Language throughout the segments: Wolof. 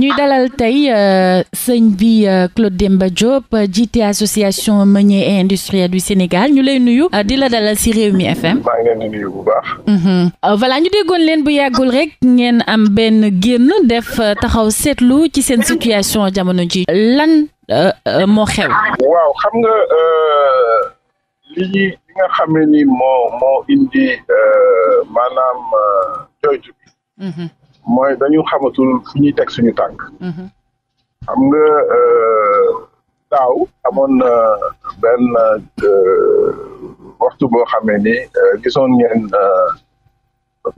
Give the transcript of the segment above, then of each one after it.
ñuy dalal tey euh, sëñ bi euh, Claude Demba Diop euh, jiite association meunier et industriel du Sénégal ñu lay nuyu di la dalal ci réew mi FM. maa ngi leen nuyu bu baax. Mhm. voilà ñu déggoon leen bu yàggul rek ngeen am benn génn def taxaw seetlu ci seen situation jamono ji lan moo xew. waaw xam nga li nga xam ni moo indi maanaam jooytu bi. Mhm. mooy dañu xamatul fu ñuy teg suñu tànk. Mhm. xam nga euh, daaw amoon na benn euh, waxtu boo xamee ni euh, gisoon ngeen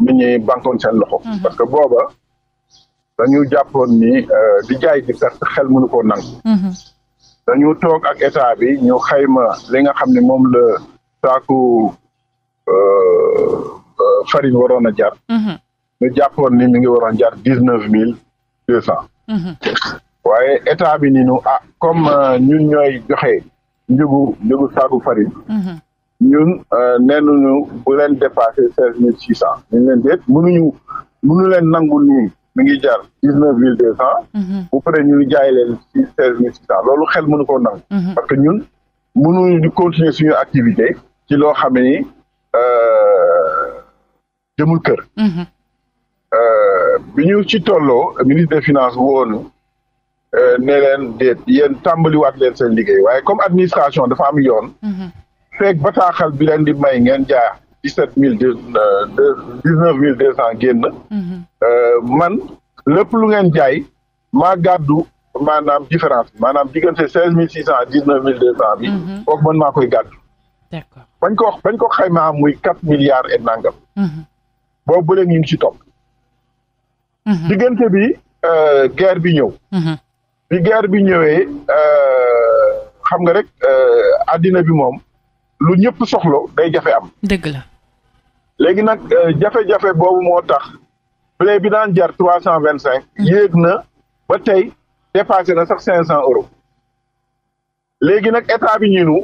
nit ñi bankoon seen loxo. Mhm. parce que booba dañu jàppoon ni di jaay di perte xel mënu koo nangu. Mhm. dañu toog ak état bi ñu xayma li nga xam ne moom la saaku farine waroon a jar. ñu jàppoon ni mi ngi waroon jar dix neuf mille deux cent. Mhm. waaye état bi ni nu ah comme euh, ñun ñooy joxe njëgu njëgu saaku farine. Mhm. ñun euh, nee nañu bu leen dépassé seize mille six cent. ñu ngi leen déet mënuñu mënu leen nangu nii mi ngi jar dix neuf mille deux cent. Mhm. bu paree ñu jaay leen ci seize mille six cent loolu xel mënu koo parce que ñun mënuñu di continuer suñu activité ci loo xam ni euh, jëmul kër. bi ci tolloo ministre des finances woonu euh, ne leen déet yéen tàmbaliwaat leen seen liggéey waaye comme administration dafa am yoon. Mhm. feeg bataaxal bi leen di may ngeen jaar dix sept mille deux euh, dix neuf mille deux cent génn. Mhm. Euh, man lépp lu ngeen jaay maa gàddu maanaam différence bi maanaam diggante seize mille six cent dix neuf mille deux cent bi. kooku mhm. man maa koy gàddu. bañ ko bañ ko xaymaa muy quatre milliards et nangam. boobu ba léegi ñu ci topp. Mm-hmm. diggante bi euh, guerre bi ñëw. Mm-hmm. bi guerre bi ñëwee euh, xam nga rek euh, àddina bi moom lu ñëpp soxla day jafe am. dëgg la. léegi nag jafe-jafe boobu moo tax blé bi daan jar trois cent vingt cinq. Mm-hmm. yéeg na ba tey dépassé na sax cinq cent euros. léegi nag état bi ñu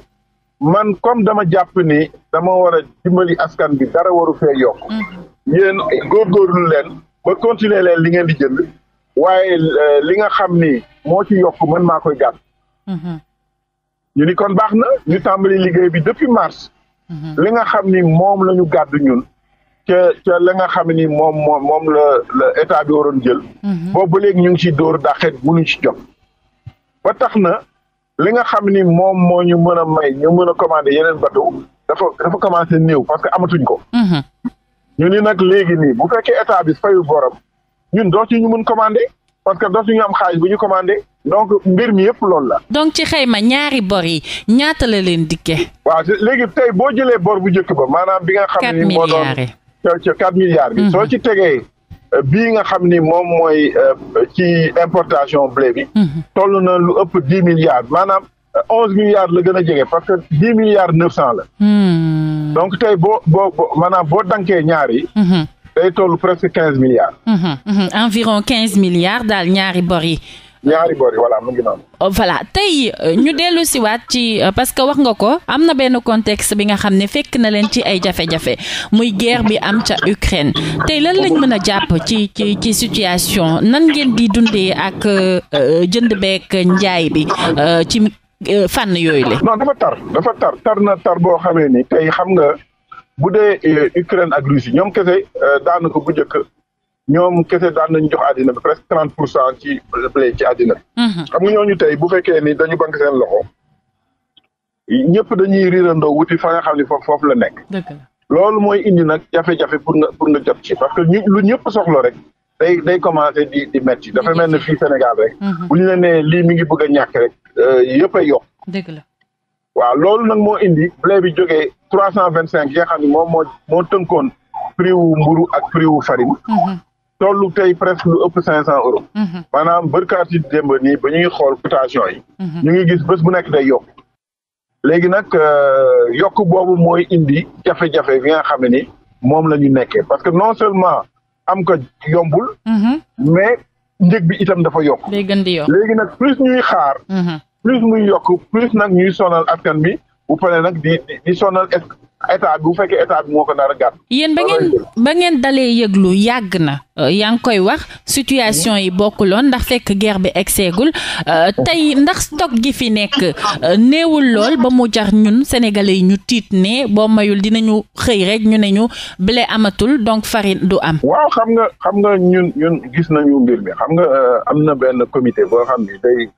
man comme dama jàpp ni dama war a askan bi dara waru fee yokk. yéen góorgóorlu leen ba continuer leen li ngeen di jënd waaye euh, li nga xam ni moo ci yokk mën maa koy gàtt mm-hmm. ñu ni kon baax na ñu tàmbali liggéey bi depuis mars mm-hmm. li nga xam ni moom la ñu gàdd ñun ca ca la nga xam ni moom moom moom la la état bi waroon jël mm-hmm. boobu ba léegi ñu ngi ci dóor mu mënuñ ci jot ba tax na li nga xam ni moom moo ñu mën a may ñu mën a commandé yeneen bateau dafa dafa commencé néew parce que amatuñ ko ñu ni nag léegi nii bu fekkee état bi fayu borom ñun doo ci ñu mun commandé parce que dootuñu am xaalis bu ñu commandé donc mbir mi yëpp loolu la. donc ci xayma ñaari bor yi ñaata la leen dikkee. waaw léegi tey boo jëlee bor bu njëkk ba maanaam bi nga xam ni moo doon ci quatre milliards bi mhm. soo ci tegee euh, bii nga xam ni moom mooy euh, ci importation blé bi. Mhm. toll na lu ëpp dix milliards maanaam euh, onze milliards la gën a jege parce que dix milliards neuf cent la. Hmm. donc tey boo boo maanaam boo dankee ñaar yi. Mhm. day toll presque quinze mhm, mhm, quinze milliards daal ñaari bor yi. ñaari bor yi mu ngi noonu. Oh, voilà tey euh, ñu dellu waat ci euh, parce que wax nga ko am na benn contexte bi nga xam ne fekk na leen ci ay jafe-jafe muy guerre bi am ca Ukraine tey lan lañ mën a jàpp ci ci ci situation nan ngeen di dundee ak euh, jënd beek njaay bi ci Euh, fànn yooyu la. non dafa tar dafa tar tar na tar boo xamee ni tey xam nga bu dee euh, Ukraine ak Russie ñoom kese euh, daanaka bu njëkk ñoom kese daan nañu jox addina bi presque trente pour cent ci blé ci àddina bi. Mhm. xam nga ñooñu tey bu fekkee ni dañu bank seen loxo ñëpp dañuy riirandoo wuti fa nga xam ne foofu la nekk. loolu mooy indi nag jafe-jafe pour na pour nga jot ci parce que ñu lu ñëpp soxla rek day day commencé di di métti dafa mel ne fii Sénégal rek. Mhm. bu ñu la nee mi ngi bëgg a ñàkk Euh, yëpp a yokk. dëgg la waaw loolu nag moo indi blé bi jógee trois cent vingt cinq yi xam ne moom moo moo tënkoon prix mburu ak prix wu farine. Mm-hmm. tollu tey presque lu ëpp cinq cent euros. Mm-hmm. maanaam bërkaat yi démb nii ba ñuy xool cotation yi. Mm-hmm. ñu ngi gis bés bu nekk day yokk. léegi nag euh, yokk boobu mooy indi jafe-jafe bi nga xam ne ni moom la ñu nekkee parce que non seulement am ko yombul. mais njëg bi itam dafa yokk. léegi nag plus ñuy xaar. plus muy yokk plus nag ñuy sonal askan bi bu paree nag di di sonal état bi bu fekkee état bi moo ko dara a gàtt. yéen ba ngeen ba ngeen dalee yëglu yàgg na euh, yaa ngi koy wax situation yi bokkuloon ndax fekk guerre bi egseegul euh, tey ndax stock gi fi nekk euh, néewul lool ba mu jar ñun sénégalais yi ñu tiit ne boo mayul dina ñu xëy rek ñu ne ñu blé amatul donc farine du am. waaw xam nga xam nga ñun gis nañu mbir mi xam nga am na benn comité boo xam ni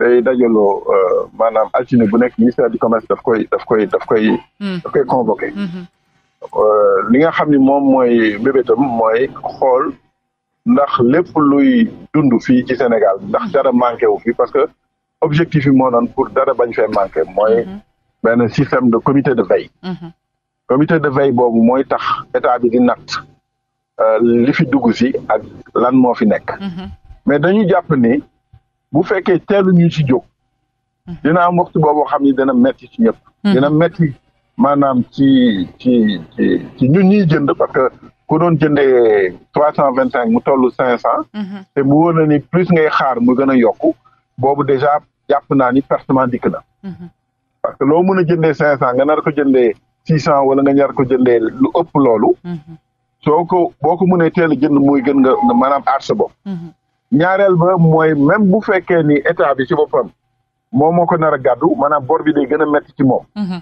day dajaloo euh, maanaam altine bu nekk ministère du commerce daf koy daf koy daf koy. Hmm. daf convoqué. Hmm. Euh, li nga xam ni moom mooy bébétam mooy xool ndax lépp luy dund fii ci Sénégal ndax hmm. dara manqué wu fi parce que objectif yi moo doon pour dara bañ fee manqué mooy benn système de comité de veille. comité de veille boobu mooy tax état bi di natt euh, li fi dugg si ak lan moo fi nekk. mais dañu jàpp ni. bu fekkee teelu ñu ci jóg mhm. dina am waxtu boobu xam ni dana metti ci ñëpp mhm. dina metti maanaam ci ci ci ci ñun ñuy jënd parce que ku doon jëndee trois cent vingt cinq mu toll cinq cent mhm. te mu wóor ni plus ngay xaar mu gën a yokku boobu déjà jàpp naa ni pertement dikk na parce que loo mun a jëndee cinq cent nga na ko jënde six cent wala nga nar ko jëndee lu ëpp loolu soo ko boo ko mënee teel jënd muy gën nga maanaam aar sa ñaareel ba mooy même bu fekkee ni état bi ci boppam moom moo ko nar a gàddu maanaam bor bi day gën a métti ci moom. Mhm.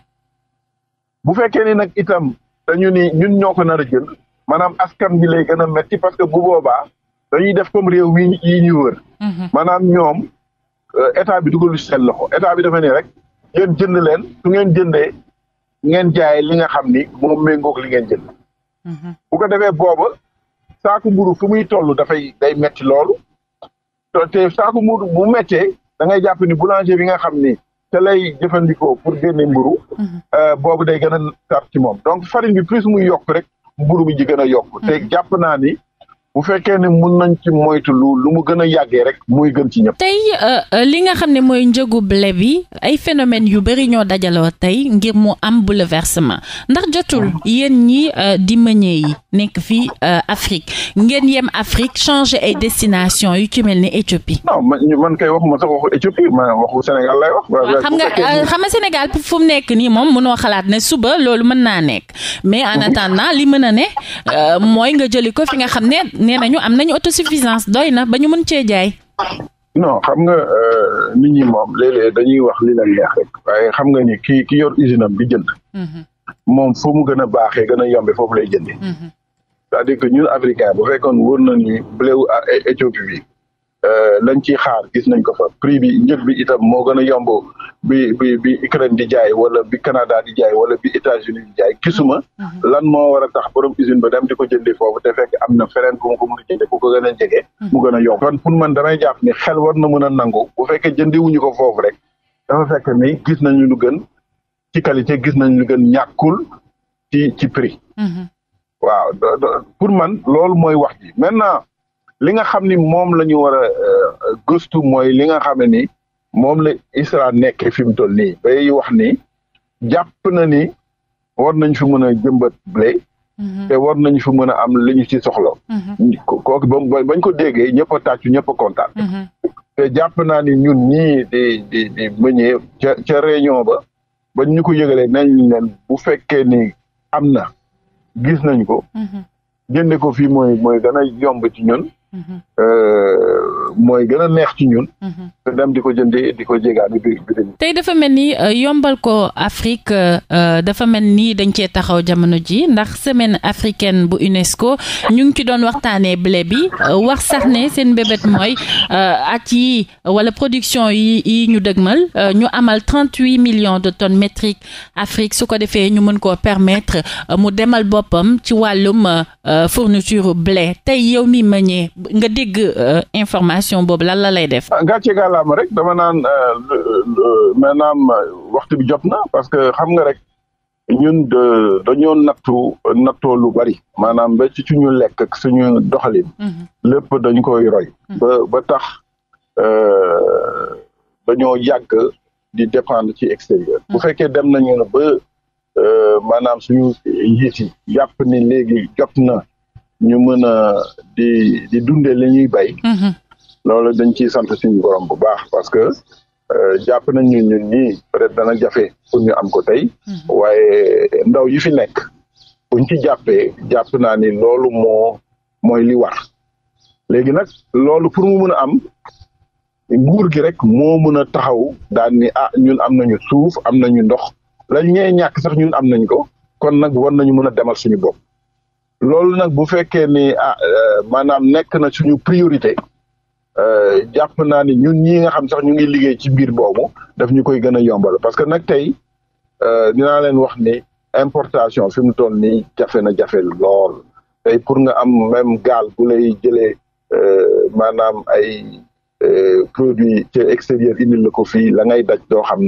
bu fekkee ni nag itam dañu ni ñun ñoo ko nar a jël maanaam askan bi lay gën a métti parce que bu boobaa dañuy def comme réew mi yi ñuy wër. Mhm. maanaam ñoom euh, état bi dugalu seen loxo état bi dafa ni rek ngeen jënd leen su ngeen jëndee ngeen jaay li nga xam ni moom méngoog li ngeen jënd. Mhm. bu ko defee booba saaku mburu fu muy toll dafay day metti loolu. te saaku muud bu méttee da ngay jàpp ni boulanger bi nga xam ni te lay jëfandikoo pour génne mburu mhm. euh, boobu day gën a tar ci moom donc farine bi plus muy yokk rek mburu bi ji gën a yokk mhm. te jàpp naa ni bu fekkee ne mun nañ ci moytu lu lu mu gën yàggee rek muy gën ci ñëpp. tey euh, euh, li nga xam ne mooy njëgu blé bi ay phénomènes yu bëri ñoo dajaloo tey ngir mu am bouleversement ndax jotul yéen ñi euh, di meññee yi nekk fii Afrique ngeen yem Afrique changer ay destination yu ci mel ni Éthiopie. non man kay waxuma ma waxu Sénégal xam nga xam Sénégal fu nekk ni moom mënoo xalaat ne suba loolu mën naa nekk mais en attendant li mën a ne mooy nga jëli ko fi nga xam ne. nee nañu am nañu autosuffisance doy na ba ñu mën cee jaay. non xam nga euh, nit ñi moom léeg-léeg dañuy wax li la neex rek waaye xam nga ñi ki ki yor usine am bi jënd. Mhm. moom fu mu gën a baaxee gën a yombe foofu lay jëndee. Mhm. c'est-à-dire que ñun africain bu fekkoon wóor na ni Éthiopie bi. Euh, lañ ciy xaar gis nañ ko fa prix bi njëg bi itam moo gën a yomb bi bi bi Ukraine di jaay wala bi Canada di jaay wala bi États-Unis di jaay gisuma mm-hmm. Mm-hmm. lan moo war a tax borom usine ba dem di ko jëndi foofu te fekk am na feneen bu mu ko mën a jënde bu ko gën a jege mm-hmm. mu yomb kon pour man damay jàpp ni xel war na mën a nangu bu fekkee jëndi wuñu ko foofu rek dafa fekk ni gis nañu lu gën ci qualité gis nañu lu gën ñàkkul ci ci prix waaw pour man loolu mooy wax ji maintenant li nga xam ni moom la ñu war a euh, gëstu mooy li nga xam ne ni moom la ISRA nekkee fi mu toll nii bay wax ni jàpp na ni war nañ fi mën jëmbët jëmbat mhm. te war nañ fi mën a am li ci soxla. Mhm. bañ ko déggee ñëpp a tàccu ñëpp a mhm. te jàpp naa ni ñun ñii di di di ca ca réunion ba bañ ñu ko yëgalee nañ leen bu fekkee ni am na gis nañ ko. jënde ko fii mooy mooy gën a yomb ci ñun. Euh, mooy gën a neex ci ñun. Mhm. di ko jëndee di ko bi bi tey dafa mel ni euh, yombal ko Afrique euh, dafa mel nii dañ cee taxaw jamono ji ndax semaine africaine bu UNESCO ñu ngi ci doon waxtaanee blé bi wax sax ne seen mbébét mooy ak yi wala production yi yi ñu dëgmal ñu amal trent huit millions de tonnes métriques Afrique su ko defee ñu mën koo permettre mu demal boppam ci wàllum fourniture blé tey yow mi meññee. nga dégg euh, information boobu lan la lay def. Ah, gàcce gàllaama rek dama naan euh, maanaam waxtu bi jot na parce que xam nga rek ñun de dañoo nattu nattoo lu bari. maanaam ba ci suñu lekk suñu doxalin. Mhm. lépp dañ koy roy. Mhm. ba tax euh, dañoo yàgg di dépendre ci extérieur. Mhm. bu fekkee dem nañu ba maanaam suñu njiit yi ni léegi jot na. ñu mën a di di dundee li ñuy bay mhm. loolu dañ ciy sant suñu borom bu baax parce que euh, jàpp nañ ñun ñun ñii peut-être dana jafe pour ñu am ko tey mhm. waaye ndaw yi fi nekk buñ ci jàppee jàpp naa ni loolu moo mooy li war léegi nag loolu pour mu mën a am nguur gi rek moo mën a taxaw daan ni ah ñun am nañu suuf am nañu ndox lañ ñee ñàkk sax ñun am nañ ko kon nag war nañu mën a demal suñu bopp loolu nag bu fekkee ni ah euh, maanaam nekk na suñu priorité euh, jàpp naa ni ñun ñi nga xam sax ñu ngi liggéey ci biir boobu daf ñu koy gën a yombal parce que nag tey euh, dinaa leen wax ni importation fi mu toll nii jafe na jafe lool tey pour nga am même gaal bu lay jëlee maanaam ay produit ci extérieur indil la ko fii la ngay daj doo xam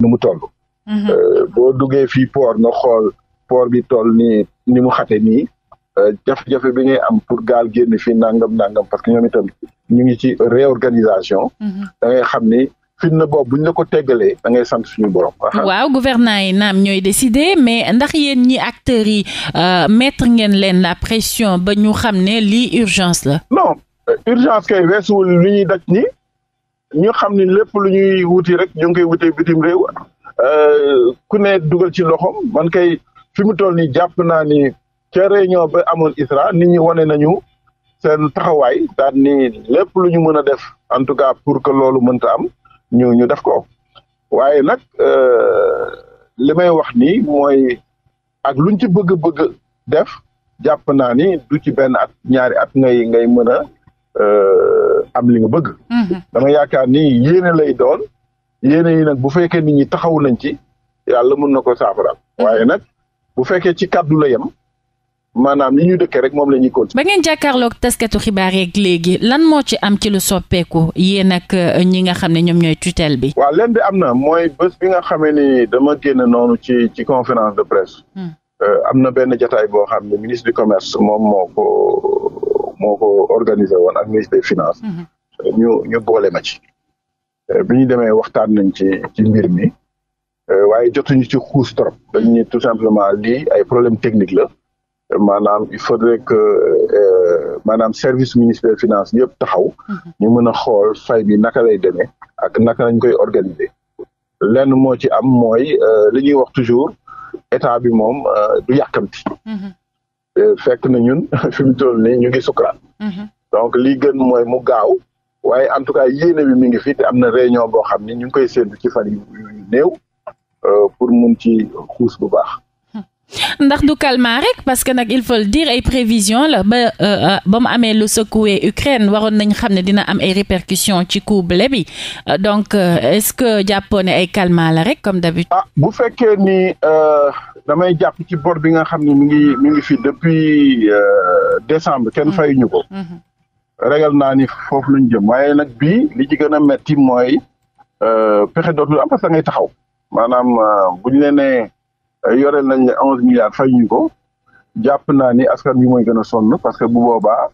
nu mu toll. Mhm. bo duggee fii port nga xool. port bi toll nii ni mu xate nii euh, jafe-jafe bi ngay am pour gaal génn fi nangam nangam parce que ñoom itam ñu ngi ci réorganisation. Mhm. da ngay xam ni fitna boobu buñ la ko teggalee da ngay sant suñu borom. waaw gouvernants yi naam ñooy décider mais ndax yéen ñi acteurs yi euh, mettre ngeen leen la pression ba ñu xam ne li urgence la. non euh, urgence kay weesuwul lu ñuy daj ni ñu xam ni lépp lu ñuy wuti rek ñu ngi koy wutee bitim réew ku ne dugal ci loxoom man kay. fi mu toll nii jàpp naa ni ca réunion ba amul ISRA nit ñi wane nañu seen taxawaay daan ni lépp lu ñu mën a def en tout cas pour que loolu mënta am ñu ñu def ko waaye nag euh, li may wax ni mooy ak luñ ci bëgg bëgg def jàpp naa ni du ci benn at ñaari at ngay ngay mën a euh, am li nga bëgg. Mm-hmm. dama yaakaar ni yéene lay doon yéene yi nag bu fekkee nit ñi taxaw nañ ci yàlla mën na ko saafaraal. Mm-hmm. waaye nag bu fekkee ci kàddu la yam maanaam li ñu dëkkee rek moom la ñuy continuer. ba ngeen jàkkaarloog taskatu xibaar yeeg léegi lan moo ci am ci lu soppeeku yéen nag euh, ñi nga xam ne ñoom ñooy tutelle bi. waa lenn bi am na mooy bés bi nga xamee ni dama génn noonu ci ci conférence de presse. Hmm. Euh, am na benn jataay boo xam ne ministre du commerce moom moo ko moo ko organisé woon ak ministre des finances. Hmm. Euh, ñu ñu boole ma ci. bi ñu demee waxtaan nañ ci ci mbir mi. Euh, waaye jotuñu ci xuus trop dañuy tout simplement lii ay problème technique la maanaam il faudrait que euh, maanaam service ministère finance yëpp taxaw mhm. ñu mën a xool fay bi naka lay demee ak naka lañ koy organiser lenn moo ci am mooy euh, li ñuy wax toujours état bi moom du yàkkamti mhm. fekk na ñun fi mu toll nii ñu ngi sukuraat mhm. donc lii gën mooy mu gaaw waaye en tout cas yéene bi mi ngi fi te am na réunion boo xam ni ñu ngi koy séntu ci fan yu néew Euh, pour mun ci xuus bu baax. ndax du calmant rek parce que nag il faut le dire ay prévision la ba euh, euh, ba mu amee lu secoué Ukraine waroon nañ xam ne dina am ay répercussions ci coût bi donc est-ce que jàppoon ne ay calmant la rek comme d'habitude ah bu fekkee ni damay jàpp ci bor bi nga xam ni mi ngi mi ngi fi depuis décembre kenn mm-hmm. fayuñu ko mm-hmm. ragal naa ni foofu luñ jëm waaye nag bi li ci a metti mooy pexe dootul am parce que taxaw maanaam euh, bu ñu leen nee euh, yoreel nañ ne onze milliards fay ñu ko jàpp naa ni askan bi mooy gën a sonn parce que bu boobaa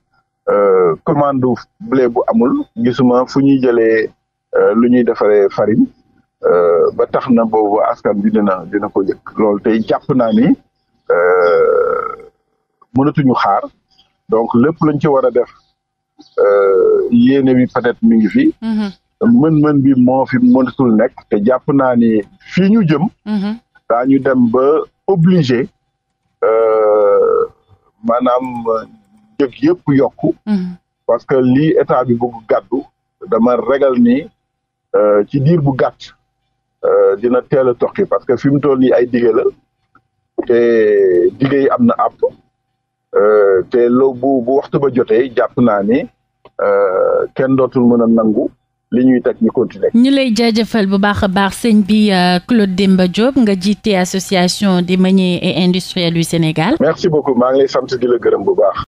euh, commande blé bu amul gisuma fu ñuy jëlee lu ñuy defaree farine ba tax na boobu askan bi dina dina ko jëkk loolu tey jàpp naa ni mënatuñu xaar donc lépp lañ ci war a def yéene bi peut-être mi ngi fi. Mm-hmm. mën-mën bi moo fi mënatul nekk te jàpp naa ni fii ñu jëm mhm. daañu dem ba obligé euh, maanaam njëg yëpp yokku mhm. parce que lii état bi bëgg gàddu dama regal ni euh, ci diir bu gàtt euh, dina teel a toqi parce que fi mu toll nii ay dige la te dige am na àpp te loo bu bu waxtu ba jotee jàpp naa ni kenn dootul mën a nangu li ñuy teg ñu continuer. ñu lay jaajëfal bu baax a baax sëñ bi euh, Claude Demba Diop nga jiite association des meuniers et industriels du Sénégal. merci beaucoup maa lay sant di la gërëm bu baax.